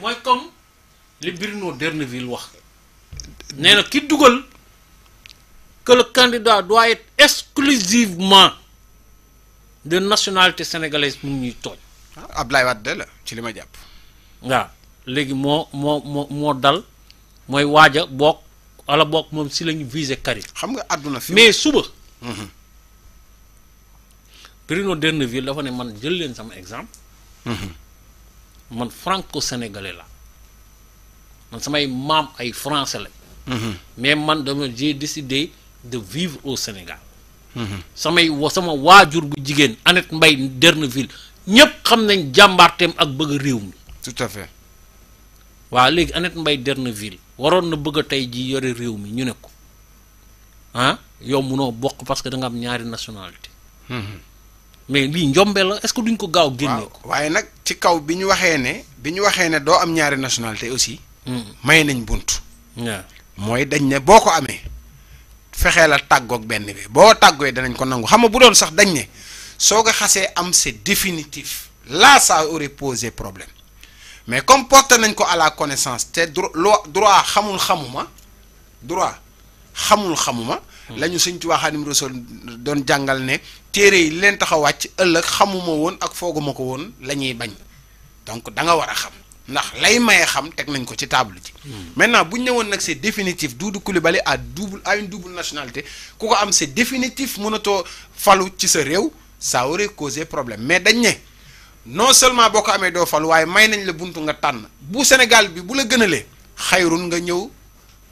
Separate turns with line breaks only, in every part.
mooy comme li Bruno D'Erneville wax nee na ki dugal que le candidat doit exclusivement de nationalité sénégalaise mu ñuy tooñ. Ah, Ablaye Wade la ci li ma jàpp. waaw léegi moo moo moo moo dal mooy waaja bokk wala bokk moom si lañu visé kari xam nga àdduna fi mais suba. Mhm. Bruno D'Erneville dafa ne man jël leen sama exemple. Mhm. man franco sénégalais la man samay maam ay français la mhm. mais man dama j'ai décidé de vivre au Sénégal mhm. samay wa sama waajur bu jigéen Annette Mbaye Derneville ñépp xam nañ jàmbaarteem ak bëgg réew mi tout à fait waaw léegi Annette Mbaye Derneville waroon na bëgg tey ji yore réew mi ñu ne ko ah yow munoo bokk parce que da am ñaari nationalité mhm. mais li njombe la est-ce que duñ ko gaaw génne ko waaye nag ci kaw bi ñu waxee ne bi ñu waxee ne
doo am ñaari nationalité aussi hmm. may nañ bunt ya. mooy dañ ne boo ko amee fexee la tàggoog benn bi boo tàggooy danañ ko nangu xam nga bu doon sax dañ ne soo ko xasee am c'est définitif là ça aurait posé problème mais comme porte nañ ko à la connaissance te droit xamul xamuma droit xamul xamuma la ñu Sëñ Tuubaa Xaadimu Rasuul doon jàngal ne téere yi leen tax wàcc ëllëg xamuma woon ak fooguma ko woon la ñuy bañ donc da nga war a xam ndax lay maye xam teg nañ ko ci table ji. Hmm. maintenant bu ñu ne nag se définitif Doudou Coulibaly à double à une double nationalité ku ko am c'est définitif mënatoo falu ci sa réew saa waree causé problème mais dañ ne non seulement boo ko amee doo falu waaye may nañ la bunt nga tànn bu Sénégal bi bu la gënalee xayrun nga ñëw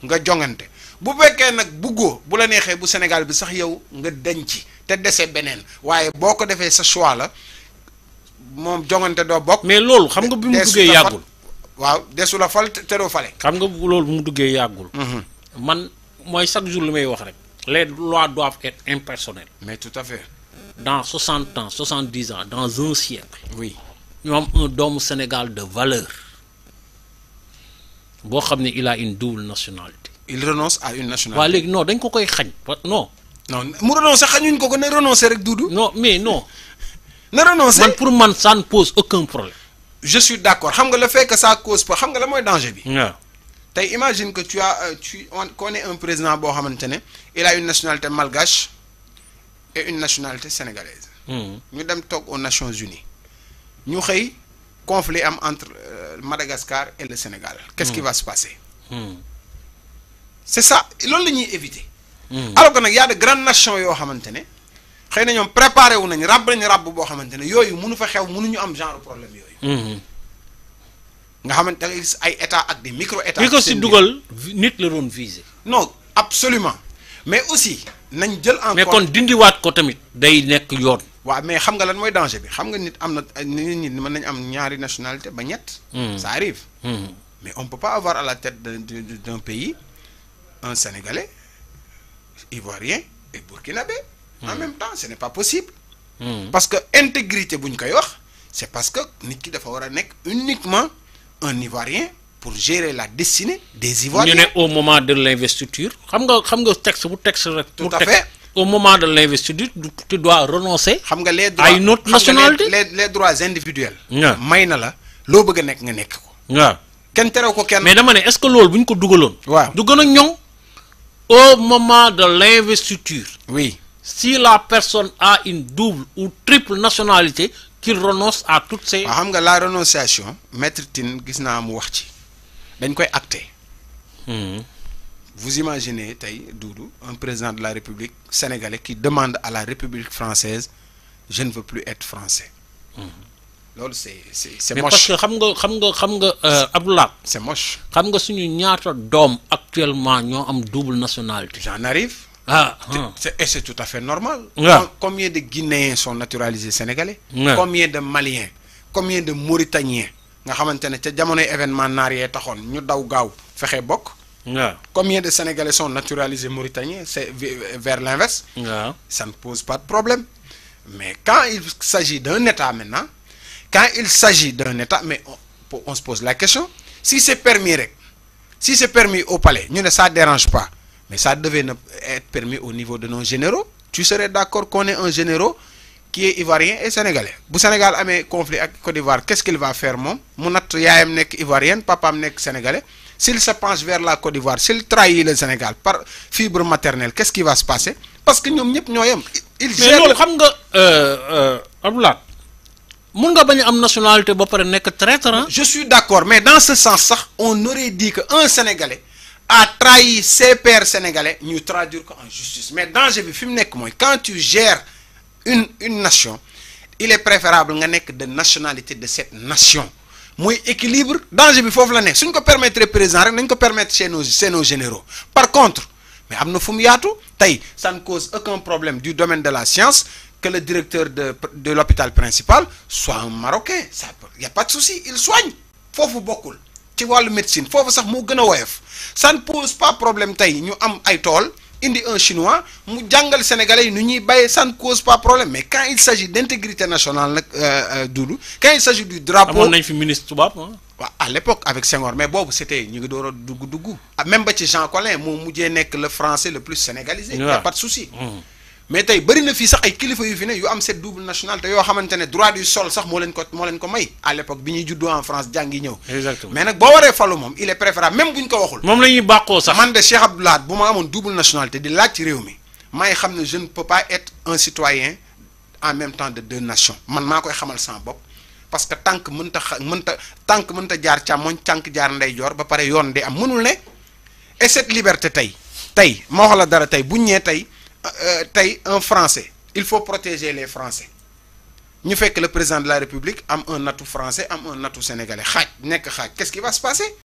nga jongante. bu fekkee nag buggo bu la neexee bu Sénégal bi sax yow nga denc te dese beneen waaye boo ko defee sa choix la moom jongante doo bokk. mais loolu xam nga bi mu duggee yàggul. waaw desu la fal te doo fale.
xam nga loolu mu duggee yàggul. Mhm. man mooy chaque jour li may wax rek. les lois doivent être impersonnelles. mais tout à fait. dans 60 ans 70 ans dans un siècle. oui ñu am un doomu Sénégal de valeur boo xam ne il a une double nationalité il renonce à une nationalité. Voilà, il non dañ ko koy xagn. non. non mu renoncer une ko ko ne renoncer rek doudou. non mais non. na renoncer man pour moi, ça ne pose aucun problème. je suis d'accord xam nga le fait que
ça cause pas xam nga la moy danger bi. imagine que tu as euh, tu on un président bo xamantene, il a une nationalité malgache et une nationalité sénégalaise. Hmm. ñu dem aux Nations Unies ñu xey conflit am entre euh, Madagascar et le Sénégal. qu'est-ce hmm. qui va se passer. Hmm c'est ça loolu lañuy ñuy éviter. Hmm. alors que nak ya de grandes nations yo xamantene xeyna ñom préparé wu nañ rab nañu rab bo xamantene ne yooyu mënu fa xew mënu ñu am genre problème yooyu. Hmm. nga xamantene ay état ak des micro états. li ko si
nit la ron viser. non absolument mais aussi nañ jël encore mais kon dindi wat ko tamit. day nek yoon. wa
mais xam nga lan moy danger bi xam nga nit amna nit nit mën nañ am ñaari nationalité ba ñett. Hmm. ça arrive. mais on peut pas avoir à la tête d'un pays un Sénégalais, Ivoirien et Burkinabé. En hmm. même temps, ce n'est pas possible. Hmm. Parce que l'intégrité, c'est parce que Niki Dafaoranek uniquement un
Ivoirien pour gérer la destinée
des Ivoiriens. au
moment de l'investiture. texte, texte, Tout à fait. Au moment de l'investiture, tu dois renoncer à une autre nationalité. Les, droits individuels. Mais la, l'eau bëgg nek Mais est-ce que l'ol buñ ko duggalon? Du au moment de l'investiture, oui. si la personne a une double ou triple nationalité, qu'il renonce à toutes ses... la renonciation maître Tin
hmm. vous imaginez Doudou un président de la République sénégalaise qui demande à la République française je ne
veux plus être français.
Hmm lolu c'est c'est mais moche. parce que
xam nga xam nga xam nga euh, c'est moche. xam nga suñu actuellement ñoo am double nationalité. j'en arrive. ah, ah. c'est tout à fait normal. combien de Guinéens sont naturalisés
sénégalais. combien de Maliens. combien de Mauritaniens. nga avons un événement naar yee ñu daw combien de sénégalais sont naturalisés Mauritaniens C'est vers l'inverse ça ne pose pas de problème mais quand il s'agit d'un état maintenant quand il s'agit d'un état mais on, se pose la question si c'est permis si c'est permis au palais ça ne ça dérange pas mais ça devait être permis au niveau de nos généraux tu serais d'accord qu'on ait un généraux qui est ivoirien et sénégalais le Sénégal un conflit la Côte d'Ivoire qu'est-ce qu'il va faire Mon mu est ivoirien, ivoirienne sénégalais s'il se penche vers la Côte d'Ivoire s'il trahit le Sénégal par fibre maternelle qu'est-ce qui va se passer
parce que nous, nous nous il Hein? je suis d'accord mais
dans ce sens là on aurait dit qu'un un sénégalais a trahi ses pères sénégalais nous traduire en justice mais dans quand tu gères une nation il est préférable nga nekk de nationalité de cette nation Moi, équilibre danger bi foofu la ne suñ permettre président rek nañ permettre chez nos généraux par contre mais ça ne cause aucun problème du domaine de la science que le directeur de, l'hôpital principal soit un Marocain. Il n'y a pas de souci, il soigne. faut Fofu beaucoup. Tu vois la médecine, faut vous savoir gëna wayef. Ça ne pose pas de problème tay ñu am ay un chinois mu jangal sénégalais nous ñuy ça ne cause pas de problème mais quand il s'agit d'intégrité nationale euh, euh, quand il s'agit du drapeau on nañ
fi ministre hein? à l'époque
avec Senghor mais bon, c'était ñi ah, même Jean Collin mo mujjé le français le plus sénégalisé il n'y a pas de souci hum mais tay bari na fi sax ay kilifa yu fi ne yu am cette double nationalité yoo xamante ne droit du sol sax mo len ko mo len ko may à l'époque bi ñuy en France jangi ñew exactement mais nak bo waré fallu mom il est préférable même buñ ko waxul. mom lañuy ñuy sax. man de Cheikh Abdoulaye buma amone double nationalité di laaj ci réew mi may xam je ne peux pas être un citoyen en même temps de deux nations man ma koy xamal sama bop parce que tànk mënta xa mënta tànk mënta jaar càmmoñ tank jaar jor ba paré yone di am mënul ne et cette liberté tay tay mo xala dara tay buñ ñé tay euh, taille un français il faut protéger les français fait que le président de la république a un atout français a un atout sénégalais qu'est-ce qui va se passer